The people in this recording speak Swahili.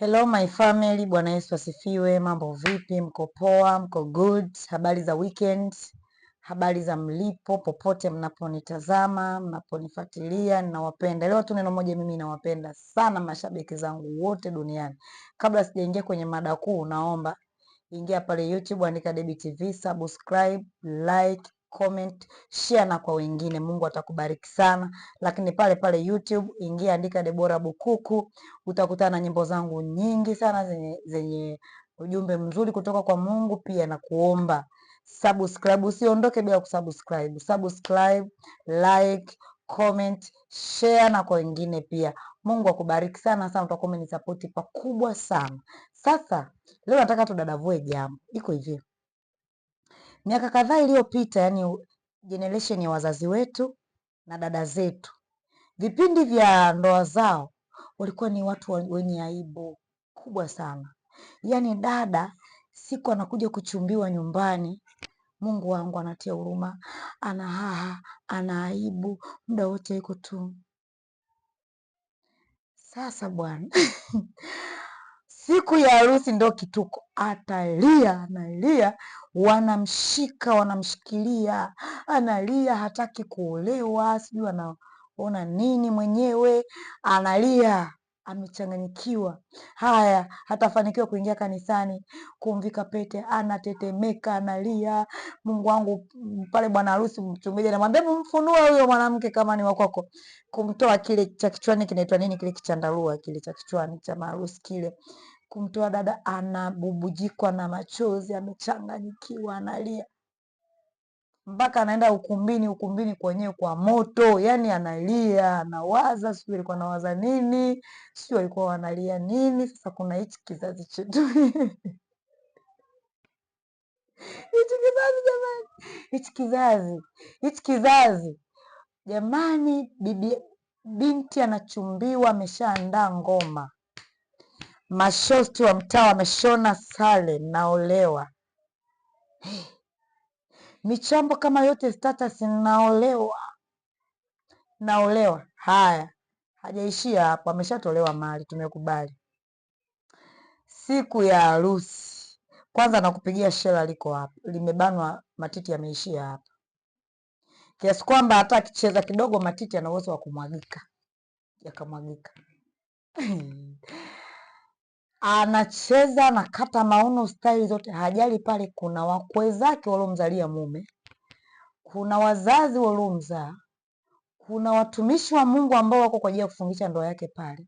Hello my family, Bwana Yesu asifiwe. Mambo vipi? Mko poa? Mko good? Habari za weekend, habari za mlipo, popote mnaponitazama, mnaponifuatilia, ninawapenda. Leo tu neno moja, mimi nawapenda sana mashabiki zangu wote duniani. Kabla sijaingia kwenye mada kuu, naomba ingia pale YouTube, andika Debbie TV, subscribe, like, comment, share na kwa wengine. Mungu atakubariki sana. Lakini pale pale YouTube ingia, andika Debora Bukuku, utakutana na nyimbo zangu nyingi sana zenye, zenye ujumbe mzuri kutoka kwa Mungu pia na kuomba. Subscribe, usiondoke bila kusubscribe. Subscribe, like, comment, share na kwa wengine pia. Mungu akubariki sana sana, utakuwa umenisapoti pakubwa sana. Sasa leo nataka tudadavue jambo, iko hivi Miaka kadhaa iliyopita, yani generation ya wazazi wetu na dada zetu, vipindi vya ndoa zao walikuwa ni watu wenye aibu kubwa sana. yani dada siku anakuja kuchumbiwa nyumbani, Mungu wangu, anatia huruma, ana haha, ana aibu, muda wote iko tu. Sasa bwana Siku ya harusi ndo kituko, atalia analia, wanamshika wanamshikilia, analia hataki kuolewa, sijui anaona nini mwenyewe, analia amechanganyikiwa. Haya, hatafanikiwa kuingia kanisani kumvika pete, anatetemeka, analia, Mungu wangu. Pale bwana harusi mchungaji anamwambia mfunue huyo mwanamke kama ni wakwako, kumtoa kile cha kichwani, kinaitwa nini, kile kichandarua kile cha kichwani cha maharusi kile, kumtoa dada, anabubujikwa na machozi, amechanganyikiwa, analia mpaka anaenda ukumbini. Ukumbini kwenyewe kwa moto, yani analia, anawaza, sijui alikuwa anawaza nini, sijui alikuwa wanalia nini. Sasa kuna hichi kizazi chetu hichi kizazi jamani, hichi kizazi, hichi kizazi jamani, bibi binti anachumbiwa, ameshaandaa ngoma Mashosti wa mtaa wameshona sare naolewa. Michambo kama yote status naolewa. Naolewa. Haya. Hajaishia hapo, ameshatolewa mali, tumekubali. Siku ya harusi. Kwanza nakupigia shela liko hapa. Limebanwa matiti yameishia hapa. Kiasi kwamba hata akicheza kidogo matiti ana uwezo wa kumwagika. Yakamwagika. anacheza anakata maono staili zote, hajali pale. Kuna wakwe zake waliomzalia mume, kuna wazazi waliomzaa, kuna watumishi wa Mungu ambao wako kwa ajili ya kufungisha ndoa yake pale,